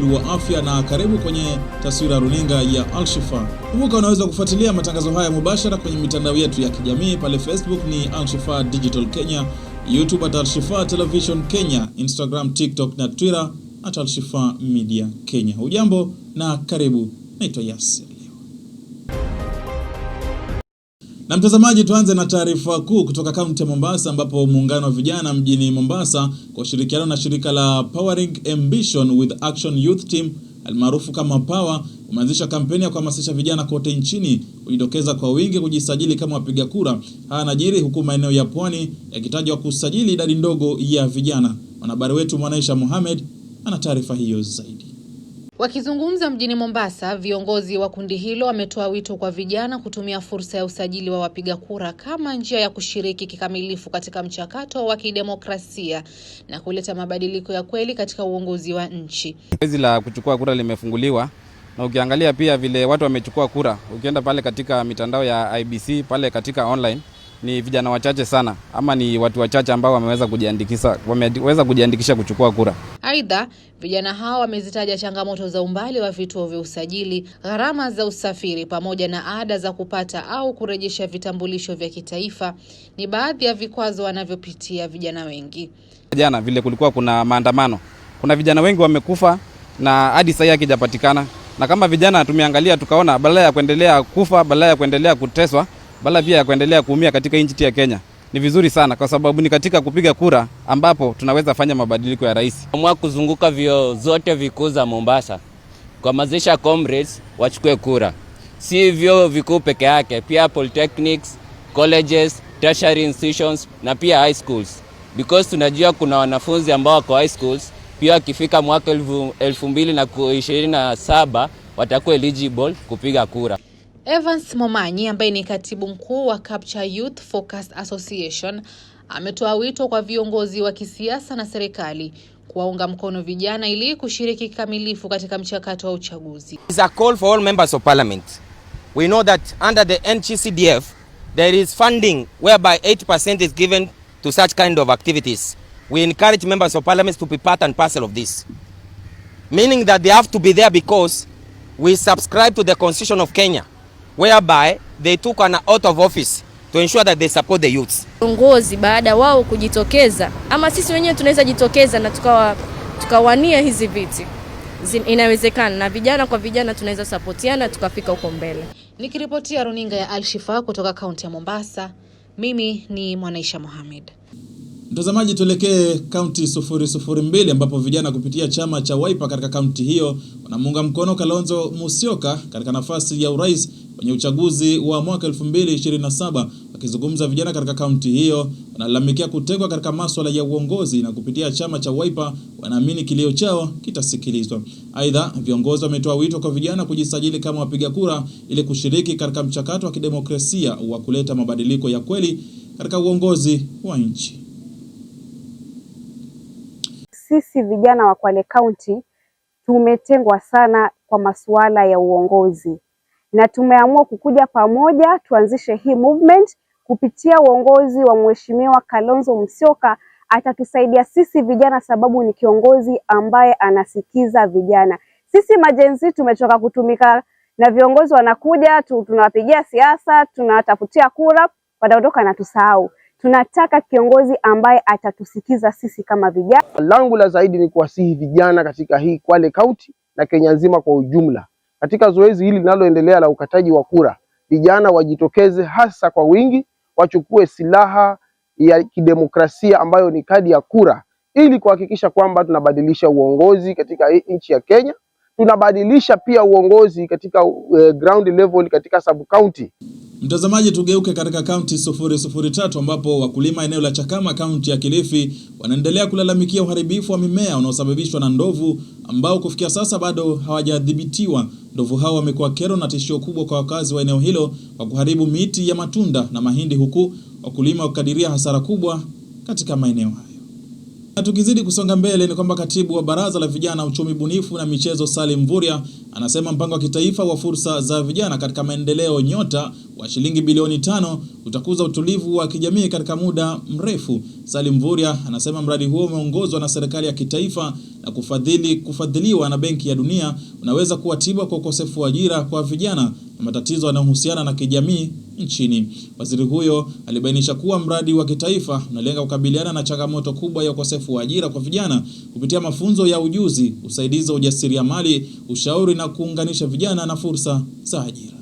buheri wa afya na karibu kwenye taswira ya runinga ya Alshifa. Kumbuka unaweza kufuatilia matangazo haya mubashara kwenye mitandao yetu ya kijamii pale Facebook ni Alshifa Digital Kenya, YouTube at Alshifa Television Kenya, Instagram, TikTok na Twitter at Alshifa Media Kenya. Ujambo na karibu, naitwa Yasir. Na mtazamaji, tuanze na taarifa kuu kutoka kaunti ya Mombasa ambapo muungano wa vijana mjini Mombasa kwa ushirikiano na shirika la Powering Ambition with Action Youth Team almaarufu kama Power umeanzisha kampeni ya kuhamasisha vijana kote nchini kujitokeza kwa wingi kujisajili kama wapiga kura. Haya najiri huku maeneo ya pwani yakitajwa kusajili idadi ndogo ya vijana. Mwanahabari wetu Mwanaisha Mohamed ana taarifa hiyo zaidi. Wakizungumza mjini Mombasa, viongozi wa kundi hilo wametoa wito kwa vijana kutumia fursa ya usajili wa wapiga kura kama njia ya kushiriki kikamilifu katika mchakato wa kidemokrasia na kuleta mabadiliko ya kweli katika uongozi wa nchi. Zoezi la kuchukua kura limefunguliwa na ukiangalia pia vile watu wamechukua kura, ukienda pale katika mitandao ya IBC pale katika online ni vijana wachache sana ama ni watu wachache ambao wameweza kujiandikisha, wameweza kujiandikisha kuchukua kura. Aidha, vijana hao wamezitaja changamoto za umbali wa vituo vya usajili, gharama za usafiri pamoja na ada za kupata au kurejesha vitambulisho vya kitaifa ni baadhi ya vikwazo wanavyopitia vijana wengi. Jana vile kulikuwa kuna maandamano, kuna vijana wengi wamekufa na hadi sasa hakijapatikana, na kama vijana tumeangalia tukaona, badala ya kuendelea kufa, badala ya kuendelea kuteswa, badala pia ya kuendelea kuumia katika nchi ya Kenya, ni vizuri sana, kwa sababu ni katika kupiga kura ambapo tunaweza fanya mabadiliko ya rais. Amua kuzunguka vio zote vikuu za Mombasa kuhamasisha comrades wachukue kura, si vio vikuu peke yake, pia polytechnics, colleges, tertiary institutions na pia high schools, because tunajua kuna wanafunzi ambao wako high schools pia wakifika mwaka elfu mbili na ishirini na saba watakuwa eligible kupiga kura. Evans Momanyi ambaye ni katibu mkuu wa Capture Youth Focus Association ametoa wito kwa viongozi wa kisiasa na serikali kuwaunga mkono vijana ili kushiriki kikamilifu katika mchakato wa uchaguzi. It's a call for all members of parliament. We know that under the NGCDF there is funding whereby 8% is given to such kind of activities. We encourage members of parliament to be part and parcel of this. Meaning that they have to be there because we subscribe to the constitution of Kenya whereby they took an out of office to ensure that they support the youths. Viongozi baada wao kujitokeza, ama sisi wenyewe tunaweza jitokeza na tukawa tukawania hizi viti, inawezekana na vijana kwa vijana tunaweza sapotiana tukafika huko mbele. Nikiripotia runinga ya Al Shifa kutoka kaunti ya Mombasa, mimi ni Mwanaisha Mohamed. Mtazamaji, tuelekee kaunti 002 ambapo vijana kupitia chama cha Wiper katika kaunti hiyo wanamuunga mkono Kalonzo Musyoka katika nafasi ya urais kwenye uchaguzi wa mwaka 2027. Wakizungumza vijana katika kaunti hiyo wanalalamikia kutegwa katika masuala ya uongozi na kupitia chama cha Wiper wanaamini kilio chao kitasikilizwa. Aidha, viongozi wametoa wito kwa vijana kujisajili kama wapiga kura ili kushiriki katika mchakato wa kidemokrasia wa kuleta mabadiliko ya kweli katika uongozi wa nchi sisi vijana wa Kwale County tumetengwa sana kwa masuala ya uongozi, na tumeamua kukuja pamoja tuanzishe hii movement kupitia uongozi wa Mheshimiwa Kalonzo Musyoka. Atatusaidia sisi vijana, sababu ni kiongozi ambaye anasikiza vijana. Sisi majenzi tumechoka kutumika na viongozi wanakuja tu, tunawapigia siasa tunawatafutia kura, wanaondoka na tusahau. Tunataka kiongozi ambaye atatusikiza sisi kama vijana. Langu la zaidi ni kuwasihi vijana katika hii Kwale Kaunti na Kenya nzima kwa ujumla, katika zoezi hili linaloendelea la ukataji wa kura, vijana wajitokeze hasa kwa wingi, wachukue silaha ya kidemokrasia ambayo ni kadi ya kura, ili kuhakikisha kwamba tunabadilisha uongozi katika nchi ya Kenya tunabadilisha pia uongozi katika uh, ground level katika sub county. Mtazamaji, tugeuke katika kaunti tatu ambapo wakulima eneo la Chakama kaunti ya Kilifi wanaendelea kulalamikia uharibifu wa mimea unaosababishwa na ndovu ambao kufikia sasa bado hawajadhibitiwa. Ndovu hao wamekuwa kero na tishio kubwa kwa wakazi wa eneo hilo kwa kuharibu miti ya matunda na mahindi, huku wakulima wakikadiria hasara kubwa katika maeneo hayo. Na tukizidi kusonga mbele ni kwamba katibu wa Baraza la Vijana, Uchumi Bunifu na Michezo, Salim Mvurya anasema mpango wa kitaifa wa fursa za vijana katika maendeleo NYOTA wa shilingi bilioni tano utakuza utulivu wa kijamii katika muda mrefu. Salim Mvurya anasema mradi huo umeongozwa na serikali ya kitaifa na kufadhili kufadhiliwa na Benki ya Dunia unaweza kuwa tiba kwa ukosefu wa ajira kwa vijana na matatizo yanayohusiana na kijamii nchini. Waziri huyo alibainisha kuwa mradi wa kitaifa unalenga kukabiliana na changamoto kubwa ya ukosefu wa ajira kwa vijana kupitia mafunzo ya ujuzi, usaidizi wa ujasiriamali, ushauri na kuunganisha vijana na fursa za ajira.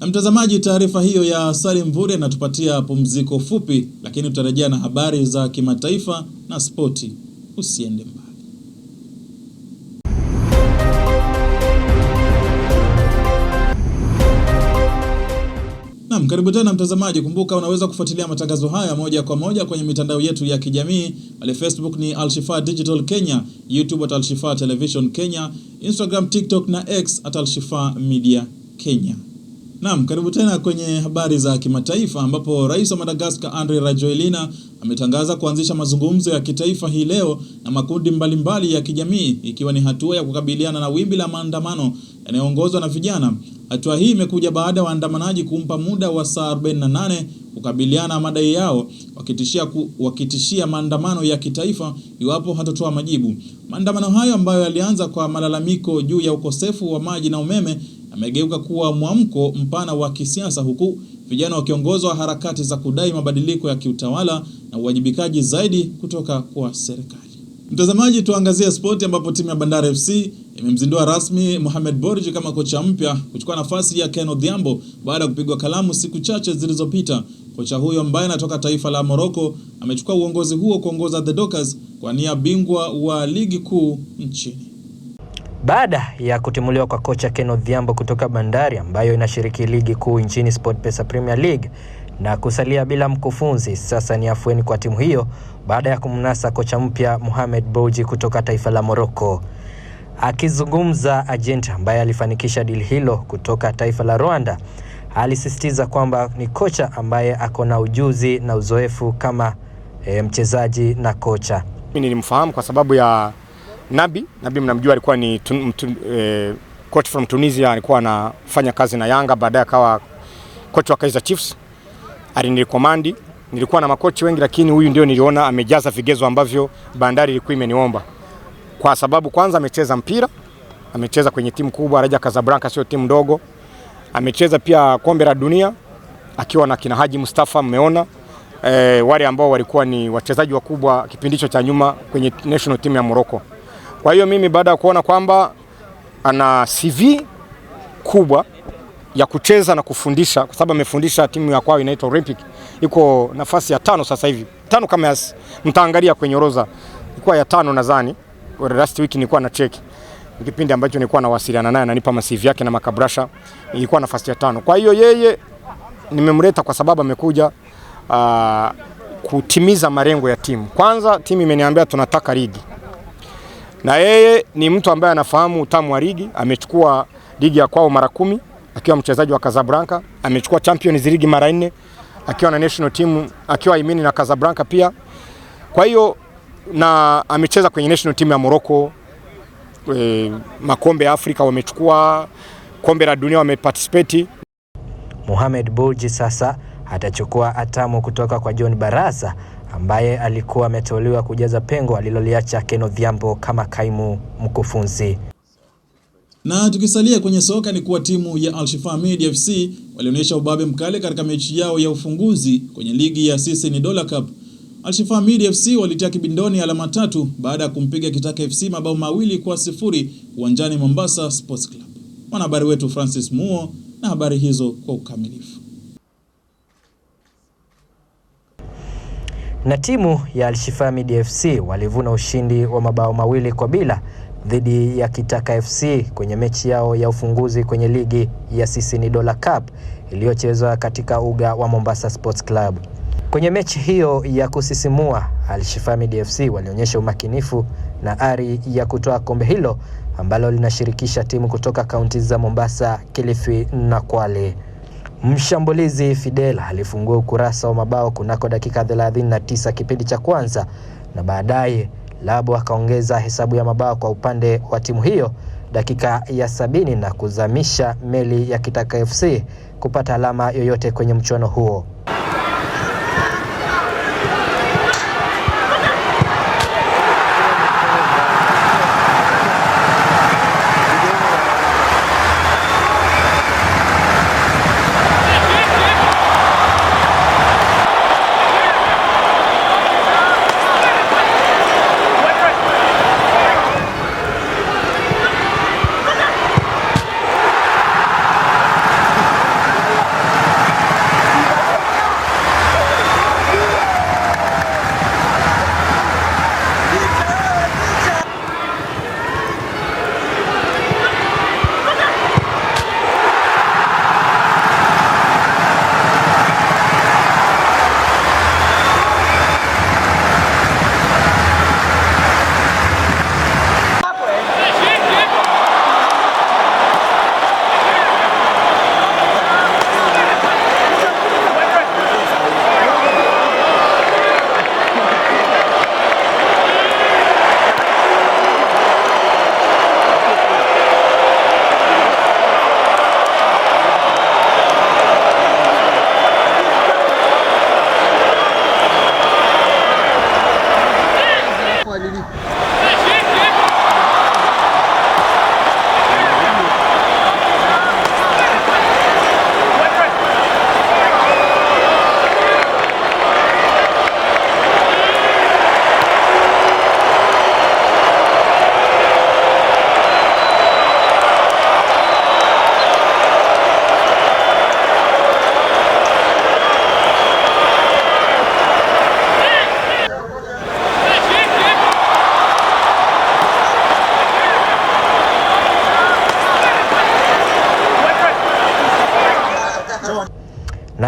Na mtazamaji, taarifa hiyo ya Salim Mvurya inatupatia pumziko fupi, lakini tutarejea na habari za kimataifa na spoti. Usiende mbali. Naam, karibu tena mtazamaji. Kumbuka unaweza kufuatilia matangazo haya moja kwa moja kwenye mitandao yetu ya kijamii. Pale Facebook ni Alshifa Digital Kenya, YouTube at Alshifa Television Kenya, Instagram, TikTok na X at Alshifa Media Kenya. Naam, karibu tena kwenye habari za kimataifa ambapo Rais wa Madagascar Andre Rajoelina ametangaza kuanzisha mazungumzo ya kitaifa hii leo na makundi mbalimbali ya kijamii ikiwa ni hatua ya kukabiliana na wimbi la maandamano yanayoongozwa na vijana Hatua hii imekuja baada ya waandamanaji kumpa muda wa saa 48 kukabiliana na madai yao, wakitishia, ku, wakitishia maandamano ya kitaifa iwapo hatotoa majibu. Maandamano hayo ambayo yalianza kwa malalamiko juu ya ukosefu wa maji na umeme yamegeuka kuwa mwamko mpana wa kisiasa, huku vijana wakiongozwa harakati za kudai mabadiliko ya kiutawala na uwajibikaji zaidi kutoka kwa serikali. Mtazamaji, tuangazie spoti ambapo timu ya Bandari FC imemzindua rasmi Mohamed Borji kama kocha mpya kuchukua nafasi ya Ken Odhiambo baada ya kupigwa kalamu siku chache zilizopita. Kocha huyo ambaye anatoka taifa la Morocco amechukua uongozi huo kuongoza The Dockers kwa nia bingwa wa ligi kuu nchini. Baada ya kutimuliwa kwa kocha Ken Odhiambo kutoka Bandari ambayo inashiriki ligi kuu nchini SportPesa Premier League na kusalia bila mkufunzi, sasa ni afueni kwa timu hiyo baada ya kumnasa kocha mpya Mohamed Borji kutoka taifa la Morocco. Akizungumza, Agent ambaye alifanikisha dili hilo kutoka taifa la Rwanda alisisitiza kwamba ni kocha ambaye ako na ujuzi na uzoefu kama e, mchezaji na kocha. Mimi nilimfahamu kwa sababu ya Nabi. Nabi mnamjua, alikuwa ni tun, tun, e, coach from Tunisia, alikuwa anafanya kazi na Yanga, baadaye akawa coach wa Kaizer Chiefs. Alinirekomandi, nilikuwa na makochi wengi, lakini huyu ndio niliona amejaza vigezo ambavyo Bandari ilikuwa imeniomba kwa sababu kwanza amecheza mpira, amecheza kwenye timu kubwa, Raja Casablanca sio timu ndogo. Amecheza pia kombe la dunia akiwa na kina Haji Mustafa, mmeona e, wale ambao walikuwa ni wachezaji wakubwa kipindicho cha nyuma kwenye national team ya Morocco. Kwa hiyo mimi baada ya kuona kwamba ana CV kubwa ya kucheza na kufundisha, kwa sababu amefundisha timu ya kwao inaitwa Olympic, iko nafasi ya tano sasa hivi, tano kama mtaangalia kwenye orodha, ilikuwa ya tano nadhani last week nilikuwa na check kipindi ambacho nilikuwa nawasiliana naye ananipa masivi yake na makabrasha, ilikuwa nafasi ya tano. Kwa hiyo yeye nimemleta kwa sababu amekuja uh, kutimiza malengo ya timu. Kwanza timu imeniambia tunataka ligi, na yeye ni mtu ambaye anafahamu utamu wa ligi. Amechukua ligi ya kwao mara kumi akiwa mchezaji wa Casablanca, amechukua Champions League mara nne akiwa na national team, akiwa imini na Casablanca pia. Kwa hiyo na amecheza kwenye national team ya Morocco e, makombe ya Afrika wamechukua, kombe la dunia wameparticipate. Mohamed Bulji sasa atachukua hatamu kutoka kwa John Barasa ambaye alikuwa ameteuliwa kujaza pengo aliloliacha Ken Odhiambo kama kaimu mkufunzi. Na tukisalia kwenye soka ni kuwa timu ya Al Shifaa FC walionyesha ubabe mkali katika mechi yao ya ufunguzi kwenye ligi ya CC Dola Cup Alshifa Midi FC walitia kibindoni alama tatu baada ya kumpiga Kitaka FC mabao mawili kwa sifuri uwanjani Mombasa Sports Club. Mwanahabari wetu Francis Muo na habari hizo kwa ukamilifu. Na timu ya Alshifa Midi FC walivuna ushindi wa mabao mawili kwa bila dhidi ya Kitaka FC kwenye mechi yao ya ufunguzi kwenye ligi ya Sisini Dola Cup iliyochezwa katika uga wa Mombasa Sports Club. Kwenye mechi hiyo ya kusisimua, Al Shifaa FC walionyesha umakinifu na ari ya kutoa kombe hilo ambalo linashirikisha timu kutoka kaunti za Mombasa, Kilifi na Kwale. Mshambulizi Fidel alifungua ukurasa wa mabao kunako dakika 39 kipindi cha kwanza na baadaye Labo akaongeza hesabu ya mabao kwa upande wa timu hiyo dakika ya sabini na kuzamisha meli ya Kitaka FC kupata alama yoyote kwenye mchuano huo.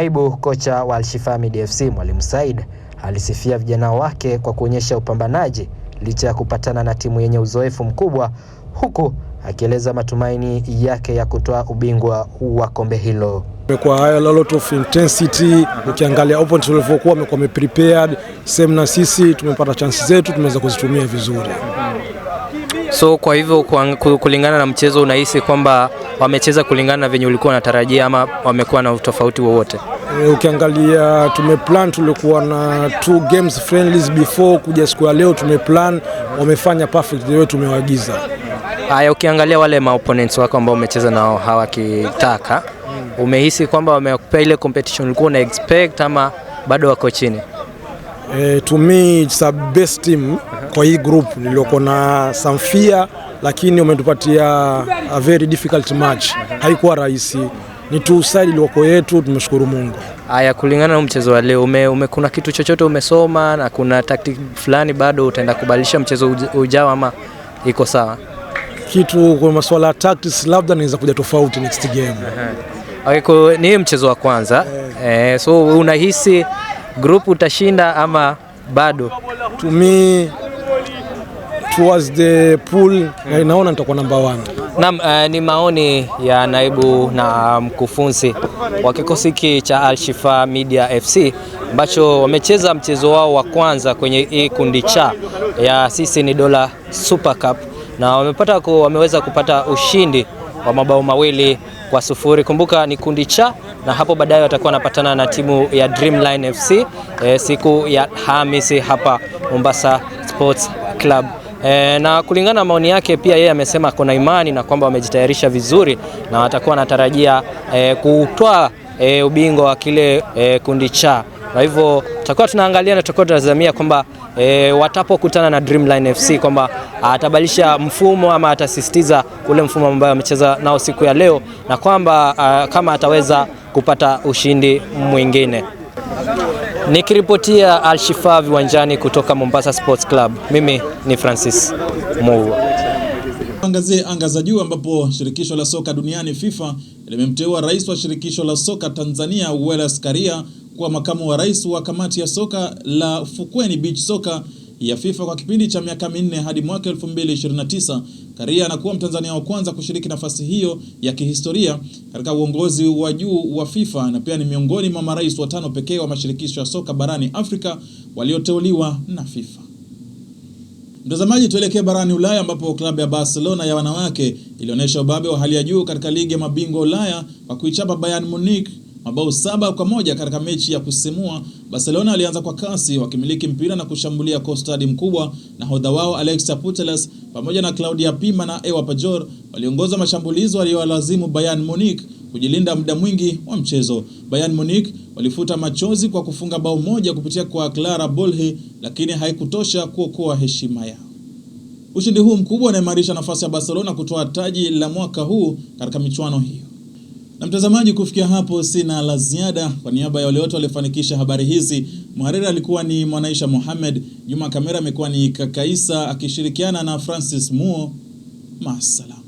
Naibu kocha wa Alshifa Media FC Mwalimu Said alisifia vijana wake kwa kuonyesha upambanaji licha ya kupatana na timu yenye uzoefu mkubwa, huku akieleza matumaini yake ya kutoa ubingwa wa kombe hilo. Imekuwa high lot of intensity, ukiangalia opponent walivyokuwa wamekuwa prepared same na sisi, tumepata chances zetu tumeweza kuzitumia vizuri. So kwa hivyo kulingana na mchezo unahisi kwamba wamecheza kulingana na venye ulikuwa unatarajia ama wamekuwa na utofauti wowote? E, ukiangalia tumeplan, tulikuwa na two games friendlies before kuja siku ya leo, tumeplan wamefanya perfect the way Haya, ukiangalia wale ma opponents wako ambao umecheza nao hawakitaka, umehisi kwamba wamekupa ile competition ulikuwa una expect ama bado wako chini? E, to me it's a best team kwa hii group nilioko na samfia lakini wametupatia a very difficult match, haikuwa rahisi. Ni tu side iliyoko yetu, tumeshukuru Mungu. Haya, kulingana na mchezo wa leo ume, ume, kuna kitu chochote umesoma na kuna tactic fulani bado utaenda kubadilisha mchezo ujao ama iko sawa? Kitu kwa masuala ya tactics labda naweza kuja tofauti next game. Okay, ni mchezo wa kwanza eh. Eh, so unahisi group utashinda ama bado? tumi towards the pool mm. na inaona nitakuwa namba 1. Naam, uh, ni maoni ya naibu na mkufunzi wa kikosi hiki cha Al Shifa Media FC ambacho wamecheza mchezo wao wa kwanza kwenye hii kundi cha ya sisi ni Dola Super Cup na wamepata ku, wameweza kupata ushindi wa mabao mawili kwa sufuri. Kumbuka ni kundi cha na hapo baadaye watakuwa wanapatana na timu ya Dreamline FC eh, siku ya Hamisi hapa Mombasa Sports Club. E, na kulingana na maoni yake pia yeye amesema kuna imani na kwamba wamejitayarisha vizuri na watakuwa wanatarajia e, eh, kutoa e, eh, ubingwa wa kile e, kundi cha kwa hivyo tutakuwa tunaangalia na tutakuwa tunatazamia kwamba e, watapokutana na Dreamline FC kwamba atabadilisha mfumo ama atasisitiza ule mfumo ambao amecheza nao siku ya leo na kwamba a, ah, kama ataweza kupata ushindi mwingine. Nikiripotia Alshifa viwanjani kutoka Mombasa Sports Club, mimi ni Francis Mouwa. Tuangazie anga za juu ambapo shirikisho la soka duniani FIFA limemteua rais wa shirikisho la soka Tanzania Wallace Karia kuwa makamu wa rais wa kamati ya soka la Fukweni Beach Soka ya FIFA kwa kipindi cha miaka minne hadi mwaka 2029. Karia anakuwa Mtanzania wa kwanza kushiriki nafasi hiyo ya kihistoria katika uongozi wa juu wa FIFA na pia ni miongoni mwa marais watano pekee wa mashirikisho ya soka barani Afrika walioteuliwa na FIFA. Mtazamaji, tuelekee barani Ulaya ambapo klabu ya Barcelona ya wanawake ilionyesha ubabe wa hali ya juu katika ligi ya mabingwa Ulaya kwa kuichapa Bayern Munich mabao saba kwa moja katika mechi ya kusisimua. Barcelona walianza kwa kasi wakimiliki mpira na kushambulia kwa ustadi mkubwa. Nahodha wao Alex Putellas pamoja na Claudia Pima na Ewa Pajor waliongoza mashambulizi waliyowalazimu Bayern Munich kujilinda muda mwingi wa mchezo. Bayern Munich walifuta machozi kwa kufunga bao moja kupitia kwa Clara Bolhe, lakini haikutosha kuokoa heshima yao. Ushindi huu mkubwa unaimarisha nafasi ya Barcelona kutoa taji la mwaka huu katika michuano hiyo. Na mtazamaji, kufikia hapo sina la ziada. Kwa niaba ya wale wote waliofanikisha habari hizi, mhariri alikuwa ni Mwanaisha Mohamed, nyuma kamera amekuwa ni Kakaisa akishirikiana na Francis Muo. Masalam.